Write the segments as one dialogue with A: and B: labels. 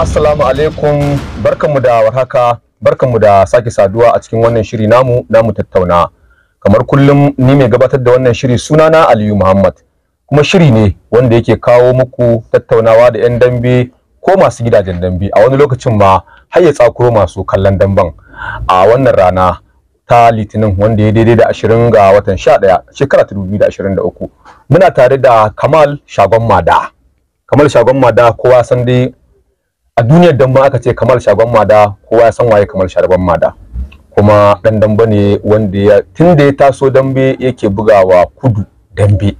A: assalamu alaikum barkanmu da warhaka barkanmu da sake saduwa a cikin wannan shiri namu namu tattauna kamar kullum ni mai gabatar da wannan shiri sunana Aliyu Muhammad kuma shiri ne wanda yake kawo muku tattaunawa da 'yan dambe ko masu gidajen dambe a wani lokacin ma har ya tsakuro masu kallon damben a wannan rana ta litinin wanda ya daidai da ashirin ga watan 11 ɗaya shekara ta muna tare da kamal shagon mada kamal shagon mada kowa san dai a duniyar ma aka ce kamal shagon mada kowa ya san waye kamal shagon mada kuma dan dambe ne wanda ya tun da ya taso dambe yake bugawa kudu dambe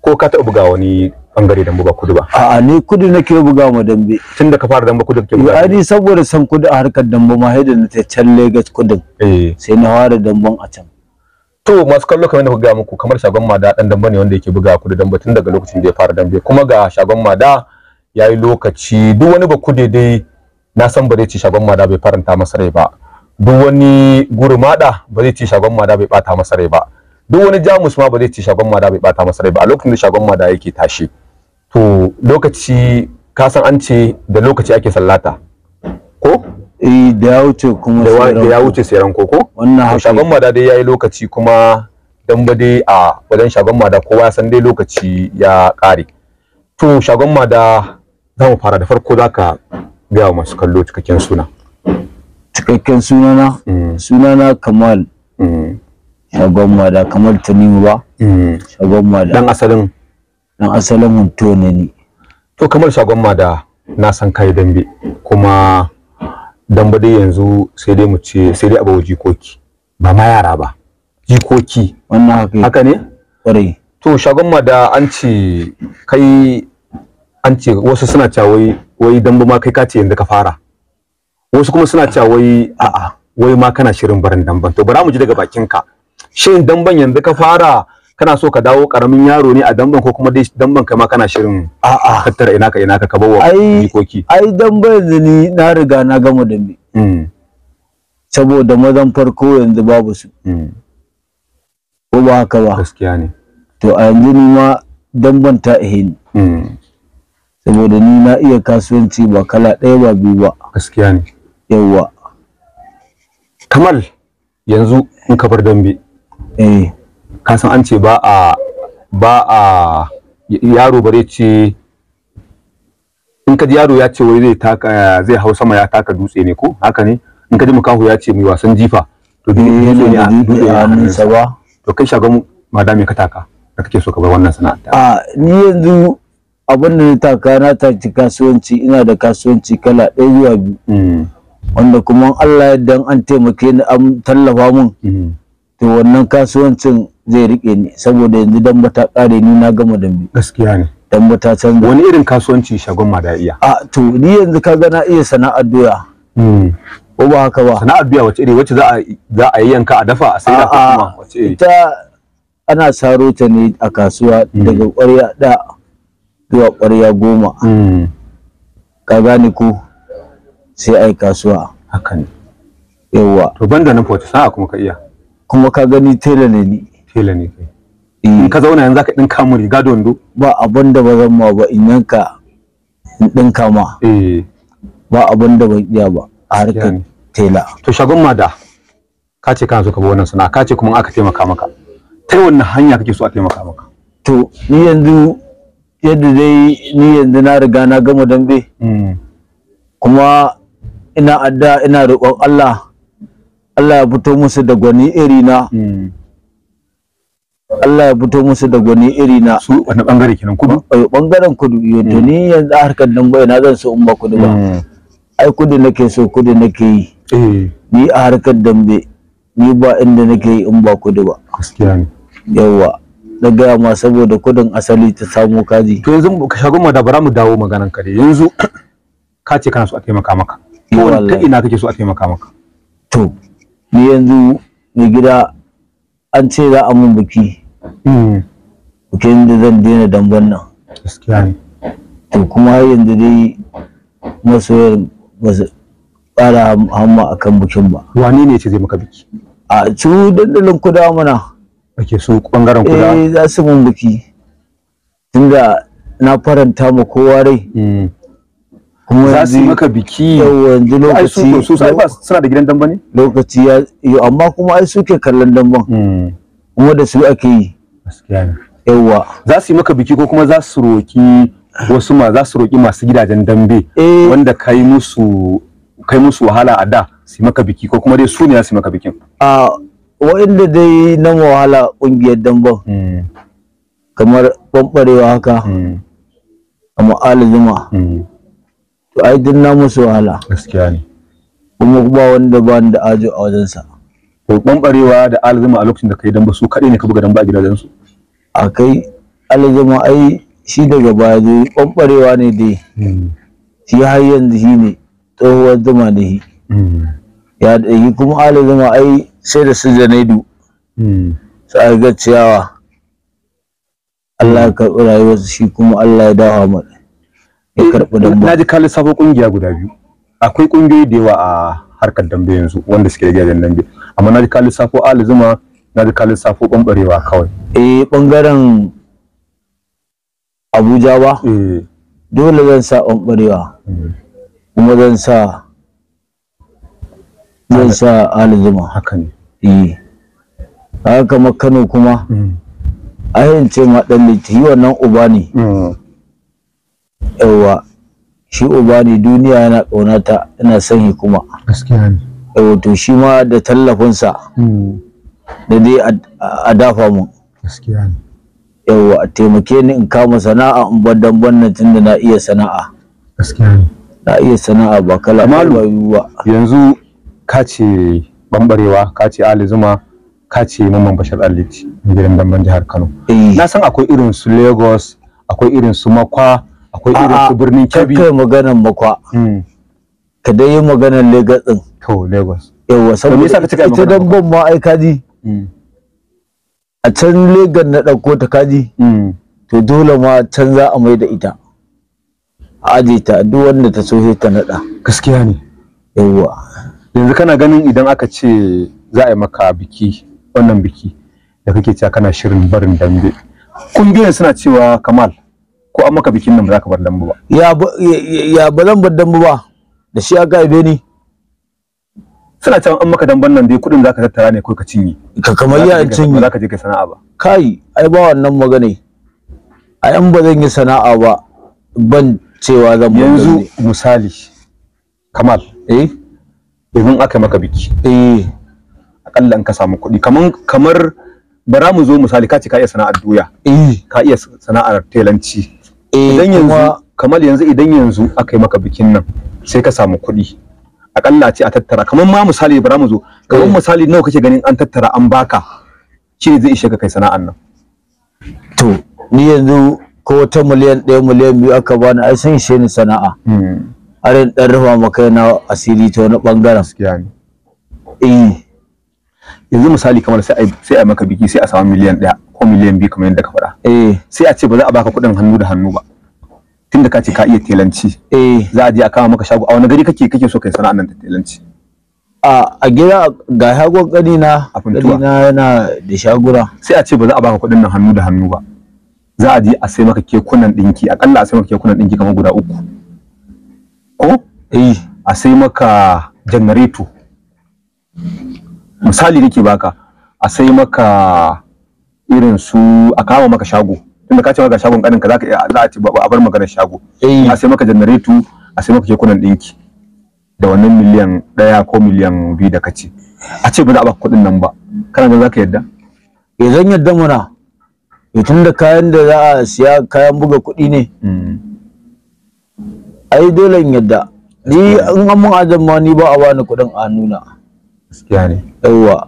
A: ko ka taɓa bugawa wani bangare dambe ba kudu ba a'a ni kudu nake buga ma dambe tun da ka fara dambe kudu kake buga ni saboda san kudu a harkar dambe ma haida na ta can Lagos kudu eh. sai na fara damben a can to masu kallo kamar da ku ga muku kamar shagon mada dan dambe ne wanda yake buga kudu dambe tun daga lokacin da ya fara dambe kuma ga shagon mada ya yi lokaci duk wani ba daidai na san ba zai ci shagon mada bai faranta masa rai ba duk wani gurmada ba zai ci shagon mada bai bata masa rai ba duk wani jamus ma ba zai ci shagon mada bai bata masa rai ba a lokacin da shagon mada yake tashi to lokaci ka san an ce da lokaci ake sallata ko eh da ya wuce kuma da ya wuce sai koko wannan shagon mada dai yayi lokaci kuma dan ba dai a wajen shagon mada kowa ya san dai lokaci ya kare to shagon mada za mu fara da farko za ka gaya masu kallo cikakken suna cikakken sunana mm. sunana kamal mm. shagon mada kamal tanimu ba mm. shagon mada dan asalin dan asalin hunto ne ni to kamal shagon mada na san kai dambe kuma dambe dai yanzu sai dai mu ce sai dai abawo jikoki ba ma yara ba jikoki wannan haka ne kwarai to shagon mada an ce kai an ce wasu suna cewa wai wai dambe ma kai ka ce yanda ka fara wasu kuma suna cewa wai a'a wai ma kana shirin barin damban to bara mu ji daga bakin ka shin damben yanda ka fara kana so ka dawo karamin yaro ne a damben ko kuma dai damben kai ma kana shirin a'a tattara ina ka ina ka ka bawa jikoki ai damben ne ni na riga na gama da ni mm. saboda mazan farko yanzu babu su mm. ko ba haka ba gaskiya ne to a yanzu ni ma damben ta ihe ni mm. saboda ni na iya kasuwanci ba kala ɗaya ba biyu ba gaskiya ne yawwa kamal yanzu in ka bar dambe eh ka san an ce ba a ba a yaro bare ce in ka ji yaro ya ce wai zai taka zai hau sama ya taka dutse ne ko haka ne in ka ji mukahu ya ce mai wasan jifa to duk eh, ne a dutse a hannunsa ba to kai shagon madame ka taka da kake so ka bar wannan sana'a a ah, ni yanzu abin da na taka na taki kasuwanci ina da kasuwanci kala ɗaya zuwa biyu mm. wanda kuma Allah yadda an taimake ni an tallafa mun mm. to wannan kasuwancin zai rike ni saboda yanzu dan bata kare ni na gama dambe gaskiya ne dan bata canza wani irin kasuwanci shagon ma da iya a to ni yanzu kaga na iya sana'ar doya mm. ko ba haka ba sana'ar doya wace iri wacce za a za a yanka a dafa a saida kuma wace iri ita ana saro ta ne a kasuwa daga ƙwarya da. zuwa ƙwarya goma hmm. ka gane ko sai ai kasuwa hakan yawa to banda nan fa sa'a kuma ka iya kuma ka gani tela ne ni tela ne kai eh. in ka zauna yanzu ka ɗin mu riga da wando ba abin da ba zan ma ba in yanka in dinka ma eh ba abin da ban iya ba a harkar tela to shagon ma da ka ce kana so ka bi wannan sana'a ka ce kuma aka taimaka maka ta wannan hanya kake so a taimaka maka to ni yanzu yadda dai ni yanzu na riga na gama dambe hmm. kuma ina adda ina roƙon Allah Allah ya fito musu da gwani iri na hmm. Allah ya fito musu da gwani iri na su wani bangare kenan kudu eh bangaren kudu to ni hmm. yanzu a harkar dambe na zan so in ba kudu ba ai kudu nake so kudu nake yi eh. ni a harkar dambe ni ba inda nake yi in ba kudu ba gaskiya ne yawa da gaya ma saboda kudin asali ta samu kaji to yanzu ka shagon ma da bara mu dawo maganan ka yanzu ka ce kana so a taimaka maka ko ta ina kake so a taimaka maka to ni yanzu ni gida an ce za a mun biki hmm. bikin da zan daina damban nan gaskiya ne to kuma har yanzu dai masoyar ba su ƙara hamma akan bikin ba wani ne ce zai maka biki a su dandalin kudawa mana ake su bangaren kula eh za su mun biki tunda na faranta ma kowa rai hmm. kuma za su maka biki yau yanzu lokaci su sai ba suna da gidan damba ne lokaci ya yo amma kuma ai suke kallon damban hmm. kuma da su ake yi gaskiya ne yawa za su yi maka biki ko kuma za su roki wasu ma za su roki masu gidajen dambe eh. wanda kai musu kai musu wahala a da su maka biki ko kuma dai su ne za su maka bikin Ah, wa'inda dai na wahala ƙungiyar damban mm. kamar ɓanɓarewa haka mm. a zuma mm. to ai duk na musu wahala kuma kuma ba wanda ba da ajo a wajensa to ɓanɓarewa da alzuma a lokacin da kai damba su kaɗai ne ka buga damba a gidajensu a kai alzuma ai shi daga baya zai ɓamɓarewa ne dai shi har yanzu shi ne tsohuwar zuma da shi ya ɗauki kuma ali zuma ai sai da su janaidu hmm. su a ga ciyawa Allah ya karɓi rayuwarsa shi kuma Allah ya dawa mata ya eh, karɓi damba na ji ka lissafo ƙungiya guda biyu akwai ƙungiyoyi da yawa a harkar dambe yanzu wanda suke gidajen dambe amma na ji ka lissafo ali zuma na ji ka lissafo ɓamɓarewa kawai eh ɓangaren abuja ba eh. dole zan sa ɓamɓarewa hmm. kuma zan sa zai sa alzuma haka ne eh haka makano kuma mm. ayin ce ma dan litiyi wannan uba ne mm. yawa shi uba ne duniya yana ƙaunata ina son shi kuma gaskiya ne yawa to shi ma da tallafinsa mm. da dai a dafa mun gaskiya ne yawa a taimake ni in kama sana'a in bar bannan tun tunda na iya sana'a gaskiya ne na iya sana'a ba kala ba yanzu ka ce bambarewa ka ce ali zuma ka ce mamman bashar aliti gidan damban jihar kano eh. na san akwai irin su lagos akwai irin su makwa akwai irin su birnin kebbi kai maganan makwa hmm. ka dai yi maganar lagos din to lagos yawa saboda ita damban ma ai kaji hmm. a can lagos na ɗauko ta kaji hmm. to dole ma can za a mai da ita a aje ta duk wanda ta so ta naɗa gaskiya ne yawa yanzu kana ganin idan aka ce za a yi maka biki wannan biki da kake cewa kana shirin barin dambe kungiyoyin suna cewa kamal ko an maka bikin nan ba za ka bar dambe ba ya ba zan bar dambe ba da shi aka haife ni suna cewa an maka damben nan dai kudin za ka tattara ne ko ka cinye ka kamar ya cinye za ka je ka sana'a ba kai ai ba wannan magana ai an ba zan yi sana'a ba ban cewa zan yanzu misali kamal eh domin aka maka biki eh akalla in ka samu kuɗi kamar kamar bara mu zo misali ka ce ka iya sana'ar doya eh ka iya sana'ar telanci eh idan yanzu kamar yanzu idan yanzu aka yi maka bikin nan sai ka samu kuɗi akalla ce a tattara kamar ma misali bara mu zo kamar eh. misali nawa kake ganin an tattara an baka ce zai ishe ka kai sana'an nan to ni yanzu ko ta miliyan ɗaya miliyan biyu aka bani ai sun ishe ni sana'a hmm. har dan rufa ma kai na asiri ta wani bangaren gaskiya ne eh yanzu misali kamar sai ai sai ai maka biki sai a samu miliyan 1 ko miliyan 2 kamar yadda ka faɗa eh sai a ce ba za a baka kuɗin hannu da hannu ba tunda ka ce ka iya telanci eh za a je a kama maka shago a wani gari kake kake so kai sana'an nan ta telanci a a gida ga shago gani na gani na yana da shagura sai a ce ba za a baka kuɗin nan hannu da hannu ba za a je a sai maka kekunan ɗinki akalla a sai maka kekunan ɗinki kamar guda uku ko eh a sai maka janareto misali nake baka a sai maka irin su a kawo maka shago tunda ka ce ga shagon kanin ka zaka za a ci ba a bar maganar shago eh. a sai maka janareto a sai maka kekunan dinki da wannan miliyan daya ko miliyan biyu da kace a ce ba za a baka kuɗin nan ba kana ga zaka yadda eh zan yadda muna eh, tun da kayan da za a siya kayan buga kuɗi ne mm. ai dole in yadda ni in an mun adam ma ni ba a bani kuɗin a nuna gaskiya ne yawa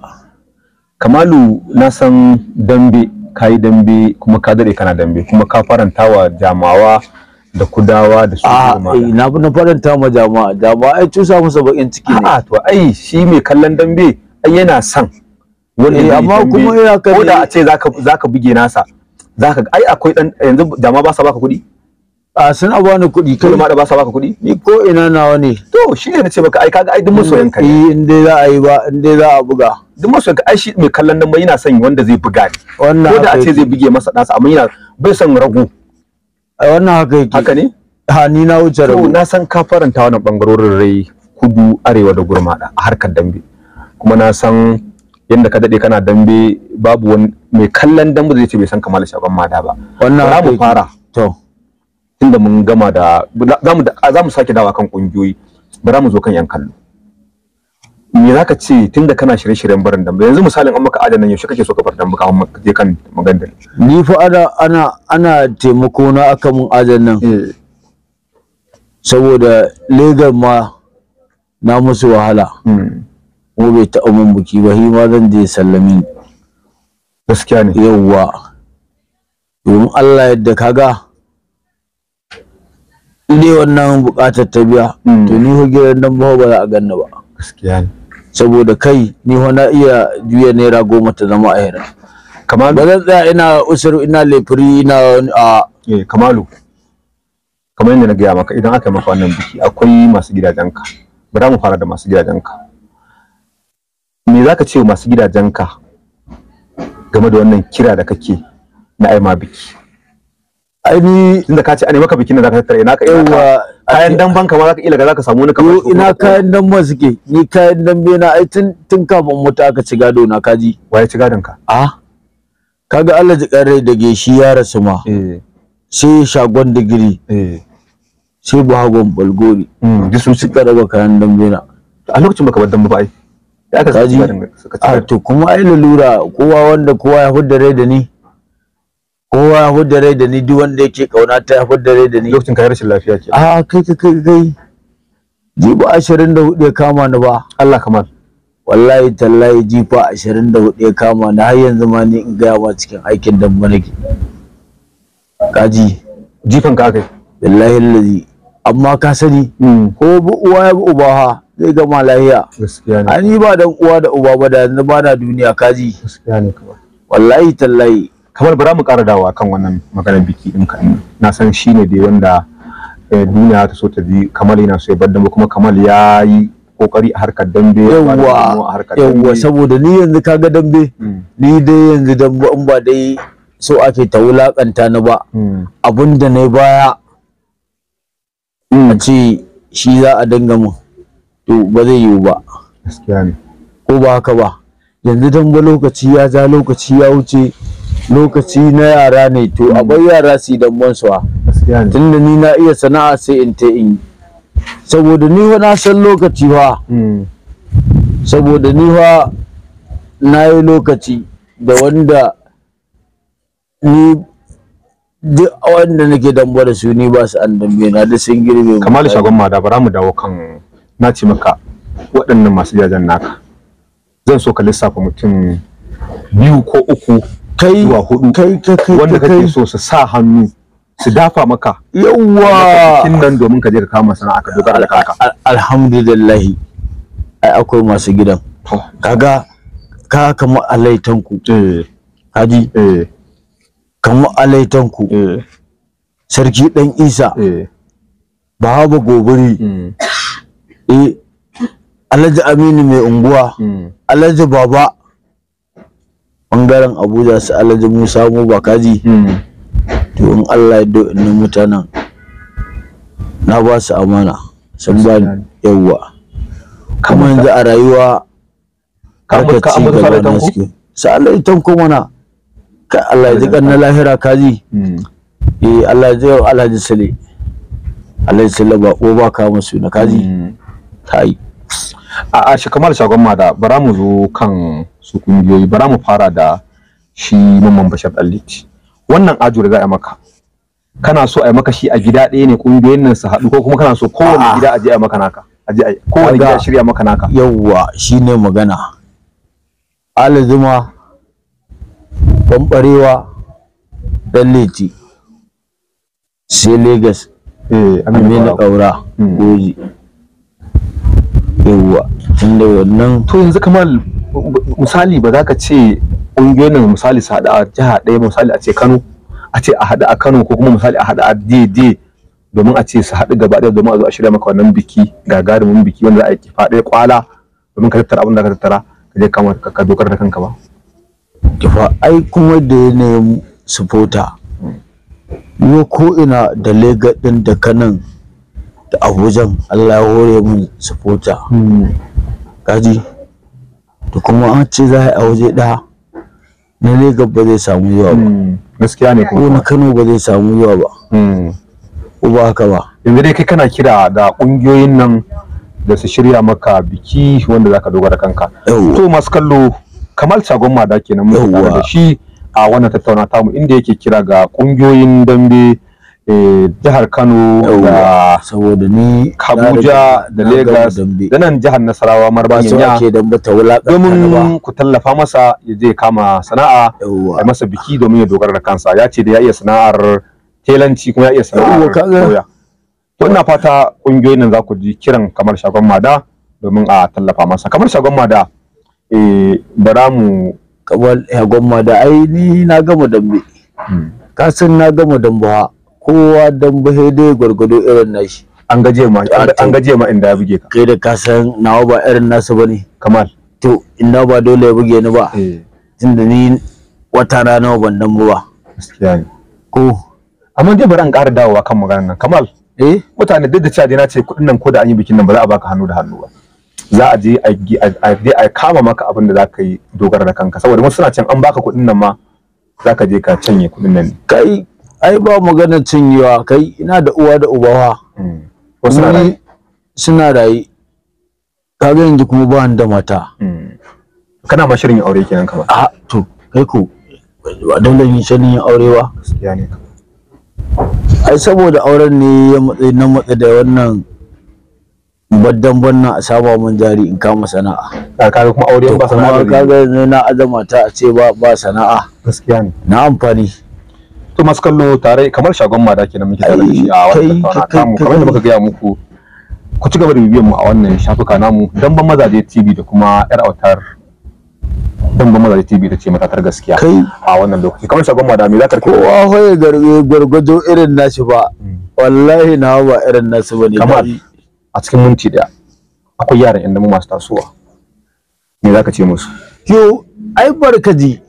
A: kamalu na san dambe ka yi dambe kuma ka dare kana dambe kuma ka faranta wa jamawa da kudawa da su eh, na na faranta ma jama'a jama'a ai cusa musu bakin ciki ne a to ai shi mai kallon dambe ai yana san wani eh, amma kuma ina kai ko da a ce zaka zaka buge nasa zaka ai akwai dan yanzu jama'a ba sa baka kuɗi a suna bani kuɗi kai ma da ba sa baka kuɗi ni ko ina nawa ne to shi ne ce baka ai kaga ai duk masoyan ka eh inde za a yi ba inde za a buga duk masoyan ka ai shi mai kallon nan ba yana son wanda zai buga ni wannan ko da a ce zai buge masa ɗansa amma yana bai son rago ai wannan haka yake haka ne ha ni na wuce rago na san ka faranta wannan bangarorin rai kudu arewa da da a harkar dambe kuma na san yadda ka daɗe kana dambe babu wani mai kallon dambe zai ce bai san kamar shagon mada ba. Wannan mu fara. To. tunda mun gama da za mu sake dawa kan kungiyoyi ba za mu zo kan yan kallo me zaka ce tunda kana shirye-shiryen barin dambe yanzu misalin an maka adana yau shi kake so ka bar dambe ka je kan maganda ni fa ana ana ana taimako na aka mun adana. Eh. saboda legan ma na musu wahala Mu hmm. bai taɓa mun buki ba shi ma zan je sallami gaskiya ne yawwa domin Allah yadda kaga dai wannan buƙatar ta biya hmm. to ni ho gidan nan ba za a ganna ba gaskiya ne saboda kai ni ho na iya juya naira goma ta zama a hira kamalu ba zan tsaya ina usuru ina lefiri ina a eh kamalu kamar yadda na gaya maka idan aka maka wannan biki akwai masu gidajenka za mu fara da masu gidajenka me zaka ce masu gidajenka game da wannan kira da kake na aima biki ai ni inda ka ce a ne maka bikin da zaka tattare naka yawa kayan damban ka ma zaka iya zaka samu wani kamar ina kayan damban suke ni kayan dambe na ai tun tun kafin mutu aka ci gado na kaji waye ci gadon ka a kaga Allah ji kare da geshi ya rasu ma eh. sai shagon digiri eh. sai buhagon balgori mm, duk sun suka raba kayan dambe na a lokacin baka bar dambe ba ai kaji a to kuma ai lalura kowa wanda kowa ya huddare da ni kowa ya hudda rai da ni duk wanda yake kauna ta ya hudda rai da ni lokacin ka rashin lafiya ke a kai kai kai kai jifa ashirin da hudu ya kama ni ba Allah kamar wallahi tallahi jifa ashirin da hudu ya kama ni har yanzu ma ni in gaya ma cikin aikin damba nake kaji jifan ka kai wallahi lazi amma ka sani hmm. ko bu uwa ya bu uba ha zai gama lahiya gaskiya ne ani ba dan uwa da uba ba da yanzu ba na duniya kaji gaskiya ne wallahi tallahi kamar bara mu ƙara dawowa kan wannan maganar biki ɗin kan na san shi ne dai wanda eh, duniya ta so ta bi kamar yana so ya bar dambe kuma kamal ya yi kokari a harkar dambe yawa yawa saboda ni yanzu kaga dambe mm. ni dai yanzu dambe in ba dai so ake ta wulakanta ni ba mm. abin da na baya mm. a ce shi za a dinga mun to ba zai yiwu ba gaskiya ne ko ba haka ba yanzu dambe lokaci ya ja lokaci ya wuce lokaci na yara ne to hmm. akwai yara su dan tun tunda ni na iya sana'a sai in ta in saboda ni wa na san lokaci fa hmm. saboda ni fa na yi lokaci da wanda ni duk wanda nake damba da su ni ba su an dambe na da sun girbe kamar shagon ma da bara mu dawo kan na ce maka waɗannan masu jajen naka zan so ka lissafa mutum biyu ko uku kai zuwa hudu wanda kake so su sa hannu su dafa maka yawwa cikin nan domin ka je ka kama sana'a ka dogara da kanka alhamdulillah ai akwai masu gidan kaga ka kama alaitanku eh. haji eh. kama alaitanku eh. sarki dan isa Baba gobiri mm. eh alhaji aminu mai unguwa mm. alhaji baba bangaren abuja su alhaji musa mu Kaji? Hmm. to in allah yadda innan mutanen na ba su amana sun ba yawwa kuma yanzu a rayuwa ka ci gaba na suke ya tanko mana ka allah ya ji na hmm. lahira kaji eh allah ya ji alhaji sale alhaji sale ba ko ba ka musu na kaji hmm. kai a a shi kamar shagon ma da bara mu zo kan su kungiyoyi bara mu fara da shi mamman bashar dalit wannan ajo da za a maka kana so a yi maka shi a gida ɗaya ne kungiyoyin nan su haɗu ko kuma kana so kowane gida a je a maka naka a je kowane gida shirya maka naka yawwa shine magana alazuma bambarewa dalleti sai Legas, eh, amina Kaura, hmm. goji inda wannan to yanzu kamar misali ba za ka ce ƙungiyoyin misali su haɗa a jiha ɗaya misali a ce Kano a ce a haɗa a Kano ko kuma misali a haɗa a daidai domin a ce su haɗu gaba ɗaya domin a zo a shirya maka wannan biki gagarumin biki wanda za a yi kifa ɗaya kwala domin ka tattara abin da ka tattara ka je kama ka dokar da kanka ba. Kifa ai kuma da yanayin supporter yo ko ina da legas ɗin da kanan da abujan Allah ya hore mun supporter. Hmm. kaji to kuma an ce za a waje ɗaya na Lagos ba zai samu yawa ba hmm, gaskiya ne ko na Kano ba zai samu yawa ba hmm. ko ba haka ba yanzu dai kai kana kira da kungiyoyin nan da su shirya maka biki wanda zaka dogara kanka to masu kallo Kamal Shagon Mada kenan mun da shi a wannan tattauna tamu inda yake kira ga kungiyoyin dambe Eh, jihar Kano da saboda ni Abuja da Lagos da nan jihar Nasarawa Marbanya domin ku tallafa masa ya je kama sana'a a masa biki domin ya dogara da kansa ya ce da ya iya sana'ar telanci kuma ya iya sana'ar koya wannan fata kungiyoyin nan za ku ji kiran kamar shagon mada domin a tallafa masa kamar shagon mada eh bara mu kamar shagon mada ai ni na gama dambe hmm. ka san na gama dambawa kowa dan dai gwargwado irin nashi an gaje ma an gaje ma inda ya buge ka kai da ka san nawa ba irin nasa bane kamal to inda ba dole ya buge ni ba eh. tunda ni wata rana ban dan ba gaskiya ne ko amma dai bari an ƙara dawowa kan maganar nan kamal eh mutane duk da cewa na ce kuɗin nan ko da an yi bikin nan ba za a baka hannu da hannu ba za a je a kama maka abin da za ka yi dogara da kanka saboda wasu suna can an baka kuɗin nan ma za ka je ka canye kuɗin nan kai ai ba maganar cinyewa kai ina da uwa da ubawa hmm. wani suna rayu kaga yanzu kuma ba da mata hmm. kana ma shirin aure kenan ka ba. a ah, to kai ko ba dole yin shirin yin aure ba gaskiya ne ai saboda auren ne ya matsayi na matsa da wannan baddan banna a saba mun jari in kama sana'a a ah, kaga kuma aure ba sana'a kaga yanzu na azama ta a ce ba ba sana'a gaskiya ne na amfani to masu kallo tare kamar shagon mada kenan muke tare shi a wannan kamar yadda muka ga muku ku ci gaba da bibiyan mu a wannan shafuka namu damban mazaje tv da kuma yar autar damban mazaje tv da ce matatar gaskiya a wannan lokaci kamar shagon mada me za ko kowa hoye gargado irin nashi ba hmm. wallahi na ba irin nasu bane kamar a cikin minti daya akwai yaran mu masu tasowa me za ka ce musu yo ai barkaji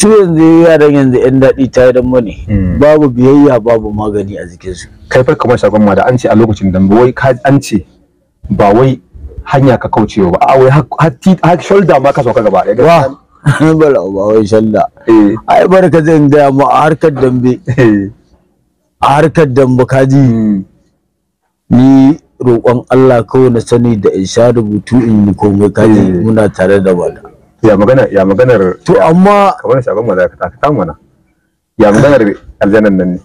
A: su yanzu yaran yanzu yan daɗi ta yi mu ne hmm. babu biyayya babu magani a jikinsu kai fa kamar shagon ma da an ce a lokacin dambe wai an ce ba wai hanya ka kaucewa ba a wai har shoulder ma ka sauka gaba ɗaya bala ba wai shalla eh. ai barka zan gaya mu a harkar dambe eh. a harkar dambe kaji hmm. ni roƙon Allah kawai na sani da in sha rubutu in yi komai kaji eh. muna tare da wani. ya magana ya maganar to amma kamar shagon ma za ka taka ya maganar aljannan nan ne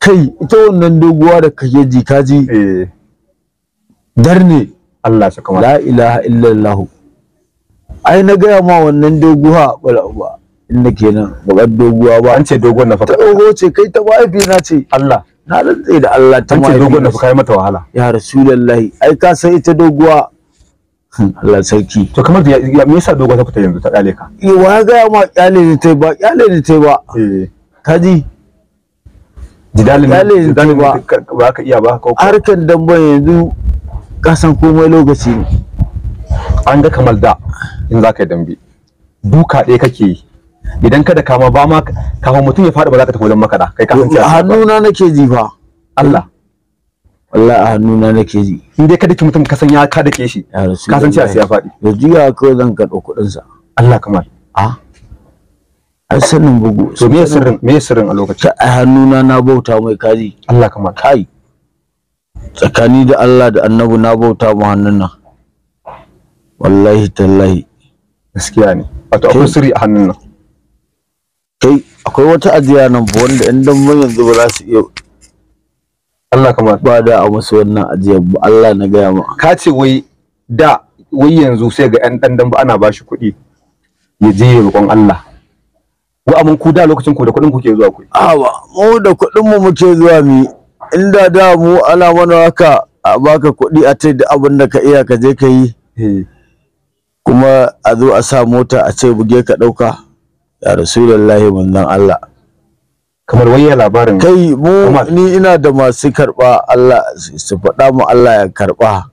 A: kai ita wannan doguwa da kake ji ka ji eh dar ne Allah shi kamar la ilaha illallah ai na gaya ma wannan doguwa Wala uba inda kenan bakar doguwa ba an ce doguwar na faka dogo ce kai ta mahaifi na ce Allah na rantsa da Allah ta ma an ce doguwar na faka mata wahala ya rasulullahi ai ka san ita doguwa Allah sarki to kamar ya me yasa dogo ta fita yanzu ta kyale ka eh wa ga ma kyale ne tai ba kyale ne tai ba eh kaji ne. jidalin ba ka iya ba ko harkan damba yanzu ka san komai lokaci ne an ga kamar da in za ka yi dambe duka ɗaya kake yi idan kada kama ba ma kafin mutum ya faɗi ba za ka tafi wajen makara kai ka san a hannuna nake ji ba. Allah wallahi a hannuna nake ji in dai kada ki mutum ka san ya ka dake shi ka san cewa sai ya faɗi da ya kawai zan karɓo kuɗin sa Allah kamar a an sanin bugu to me sirrin me sirrin a lokacin a hannuna na bauta mai kaji Allah kamar kai tsakani da Allah da annabi na bauta mu hannun nan wallahi tallahi gaskiya ne wato akwai sirri a hannun nan kai akwai wata ajiya nan ba wanda in dan yanzu ba za su iya Allah kamar ba da a musu wannan ajiyar ba Allah na gaya ma ka ce wai da wai yanzu sai ga yan dandan ba ana bashi kuɗi ya je roƙon Allah wa amin ku da lokacin ku da kuɗin ku ke zuwa ku awa mu da kuɗin mu muke zuwa mi inda da mu ana mana haka a baka kuɗi a tai da abin da ka iya ka je ka yi eh. kuma a zo a sa mota a ce buge ka ɗauka ya rasulullahi manzon Allah kamar waya labarin kai mu ni ina da masu karba Allah su faɗa mu Allah ya karba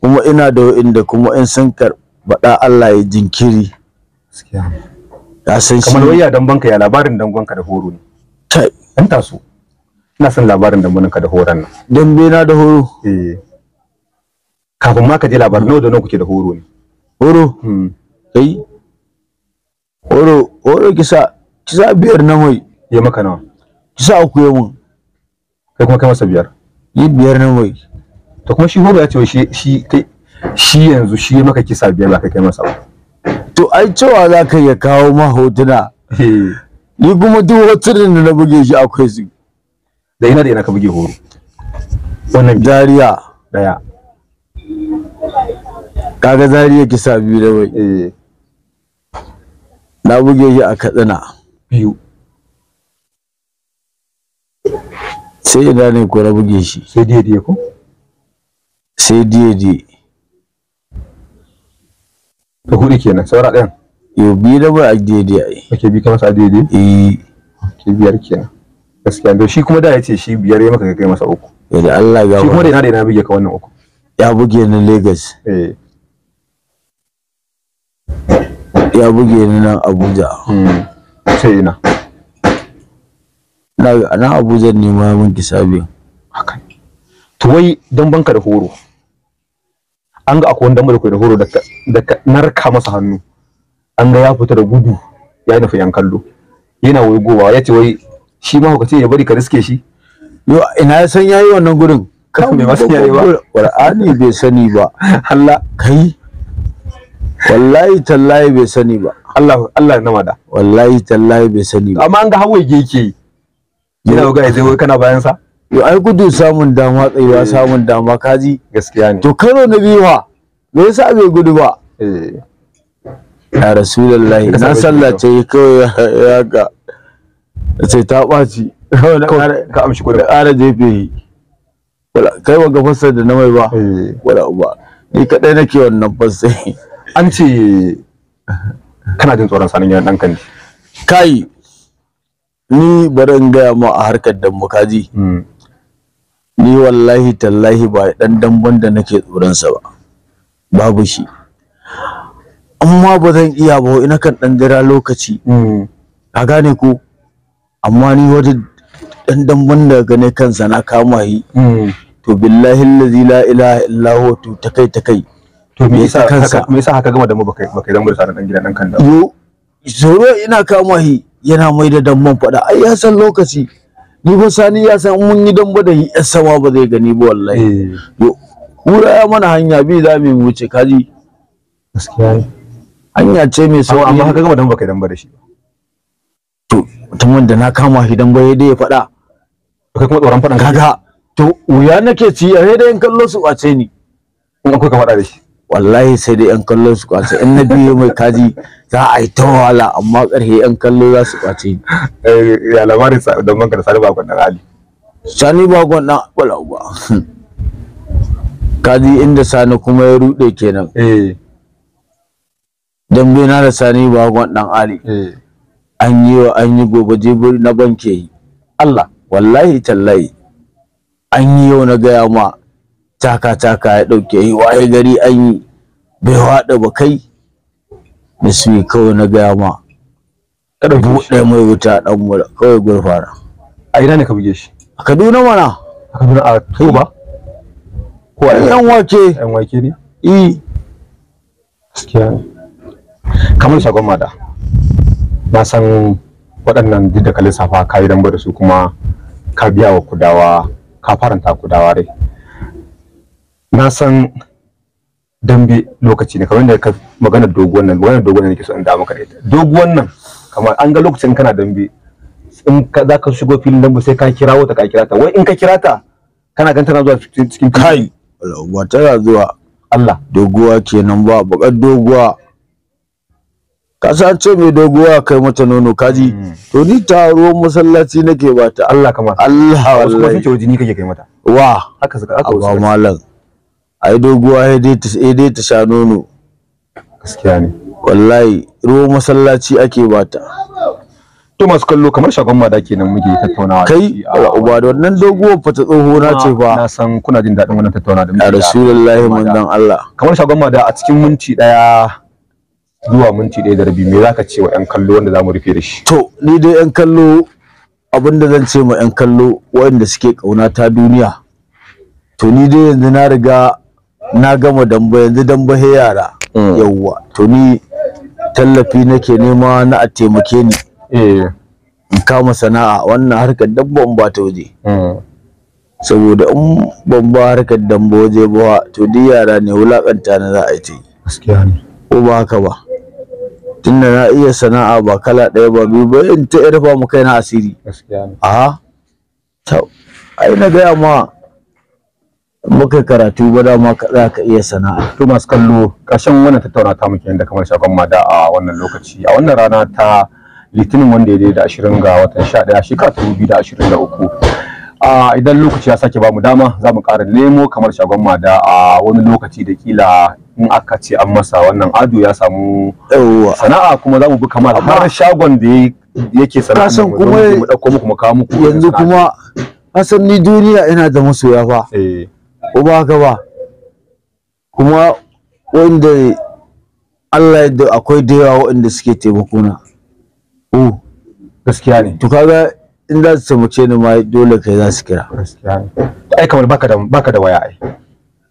A: kuma ina da inda kuma in sun karba Allah ya jinkiri ka san shi kamar waya dan banka ya labarin dangonka da horo ne kai an taso ina son labarin dangonka da horon nan dambe na da horo eh kafin ma ka je labarin nawa da nawa kuke da horo ne horo hmm. kai horo horo kisa kisa biyar na mai ya maka nawa sa uku ya mun kai kuma kai masa biyar yi biyar nan wai to kuma shi hoba ya ce shi shi kai shi yanzu shi ya maka kisa biyar ba kai kai masa ba to ai cewa za ka ya kawo ma hotuna eh. ni kuma duk hotunan da na buge shi akwai su da ina da ina ka buge horo wannan jariya daya kaga zariya kisa biyu da wai eh. na buge shi a katsina biyu sai ina ne ko rabu ge shi sai diye diye ko sai diye diye ta hudu kenan saura ɗayan yau bi da ba a diye diye ai ake bi kamar sa diye diye eh ake biyar kenan gaskiya to shi kuma da ya ce shi biyar ya maka kai masa uku da Allah ya shi kuma da ina da ina buge ka wannan uku ya buge ni Lagos eh ya buge ni nan Abuja hmm. sai ina na na Abuja ne ma mun kisabi haka to wai dan banka da horo an ga akwai wanda mu da kai da horo da narka masa hannu an ga ya fita da gudu ya nufi yan kallo yana wai gowa ya ce wai shi ma hukace ya bari ka riske shi yo ina san yayi wannan gurin kan bai masa yayi ba qur'ani bai sani ba Allah kai wallahi tallahi bai sani ba Allah Allah na mada wallahi tallahi bai sani ba amma an ga hawaye yake
B: yana ga zai wai kana bayan
A: sa yo ai gudu samun dama tsayuwa eh. samun dama kaji gaskiya ne to karo na biyu ha me yasa bai gudu ba eh ya rasulullahi na ce kawai ya ga sai ta baci ka amshi kuɗi ƙara jefe wala kai ba ga fassara da na mai ba eh. wala uba ni kadai nake wannan fassara an ce kana jin tsoron sanin yan ɗanka ne kai ni barin gaya ma a harkar dambu kaji hmm. ni wallahi tallahi ba dan damban da nake tsoronsa ba babu shi amma ba zan iya ba ina kan dan jira lokaci hmm. ka gane ko amma ni wani dan damban da gane kansa na kama yi hmm. to billahi allazi la ilaha illa huwa to takai takai to me yasa me yasa haka gama da mu baka baka dambar sa dan gida nan kan da yo ina kama yi yana mai da damban faɗa ai ya san lokaci ni ba sani ya san mun yi damba da yi sama ba zai gani ba wallahi hura eh. ya mana hanya bi za mu wuce kaji gaskiya
B: hanya ce mai sawa amma haka gama
A: damba kai damba da shi to mutumin da na kama shi damba yayin da ya faɗa kai kuma tsoron faɗan kaga to wuya nake ci a dai in kallo su a ce ni in akwai ka fada da shi wallahi sai dai yan kallo su kwace in na biyo mai kaji za a yi ta wahala amma karhe yan kallo za su kwace eh, ya labari don banka da sani bakon dan ali sani bakon na wala uba kaji inda sani kuma ya rude kenan eh dambe na da sani bakon dan ali eh. an yi wa an yi gobe jibir na banke Allah wallahi tallahi an yi wa na gaya ma Chaka chaka ya ɗauke yi waye gari an yi bai waɗa ba kai da su kawai na gaya ma ƙarfi ɗaya mai wuta ɗan mura kawai gurfana a ina ne ka buge shi a kaduna mana a kaduna a tuba ko a yan wake yan wake ne i e. gaskiya kamar shagon mada na san waɗannan duk da ka lissafa ka yi dambe da su kuma ka biya wa kudawa ka faranta kudawa rai na san dambe lokaci ne kamar da ka magana doguwan nan wannan doguwan nan nake so in da maka ita doguwan nan kamar an ga lokacin kana dambe in ka za ka shigo filin dambe sai ka kira, wata ka kira ta wai in ka kira ta kana ganta tana zuwa cikin kai ba tana zuwa Allah doguwa kenan ba bakar doguwa ka san ce mai doguwa kai mata nono kaji hmm. to ni taro masallaci nake ba ta Allah kamar Allah wallahi wasu kuma ce wajini kake kai mata wa haka haka wasu malam ai doguwa ya dai ta sha nono gaskiya ne wallahi ruwan masallaci ake bata to masu kallo kamar shagon mada kenan muke tattaunawa kai uba da wannan doguwar fa ta tsoho na ce fa na san kuna jin daɗin wannan tattaunawa da muke ya rasulullahi manzon Allah kamar shagon mada a cikin minti daya zuwa minti daya da rabi me zaka ce wa yan kallo wanda zamu rufe da shi to ni dai yan kallo abin da zan ce ma yan kallo waɗanda suke kauna ta duniya to ni dai yanzu na riga na gama dambo yanzu dambo he yara mm. yawwa to ni tallafi nake nema na a taimake ni eh. in kama sana'a wannan harkar dambe ba ta waje mm. saboda in ban ba harkar dambe waje ba to duk yara ne wulakanta na za a yi ta yi ko ba haka ba tunda na iya sana'a ba kala ɗaya ba biyu ba in ta irfa mu kai na asiri a ai na gaya ma muka karatu ba da ma za ka iya sana'a to masu kallo kashin wannan tattauna ta muke da kamar shafan da a wannan lokaci a wannan rana ta litinin wanda ya dai da ashirin ga watan sha ɗaya shekara ta biyu da ashirin da uku a idan lokaci ya sake bamu dama za mu ƙara nemo kamar shagon da a wani lokaci da kila in aka ce an masa wannan ado ya samu sana'a kuma za mu bi kamar har shagon da yake sana'a mu ɗauko muku mu kawo muku yanzu kuma asan ni duniya ina da masoya fa eh Uba gaba, kuma wanda Allah yadda akwai da yawa wanda suke taimako na o gaskiya ne to kaga in za su taimace ni ma dole kai za su kira gaskiya ne ai kamar baka da baka da waya ai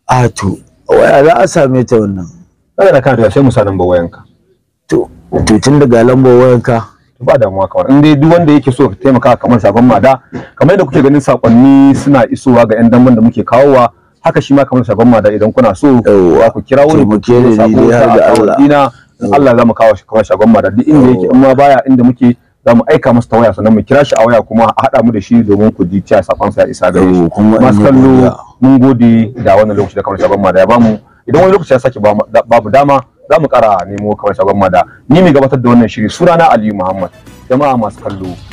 A: a to waya za a same ta wannan kada da kana sai mu sa lambar wayanka to to tun daga lambar wayanka ba damuwa kawai in dai duk wanda yake so ka taimaka kamar sabon mada kamar yadda kuke ganin sakonni suna isowa ga yan damban da muke kawowa haka shi ma kamar sabon mada idan kuna so za ku kira wani ku ke sako ta Allah in Allah za mu kawo shi kamar shagon mada duk inda yake in ma baya inda muke za mu aika masa ta waya sannan mu kira shi a waya kuma a haɗa mu da shi domin ku ji cewa sabon sa isa gare shi masu kallo mun gode da wannan lokaci da kamar shagon mada ya bamu idan wani lokaci ya sake babu dama za mu ƙara nemo kamar shagon mada ni mai gabatar da wannan shiri sunana Aliyu Muhammad jama'a masu kallo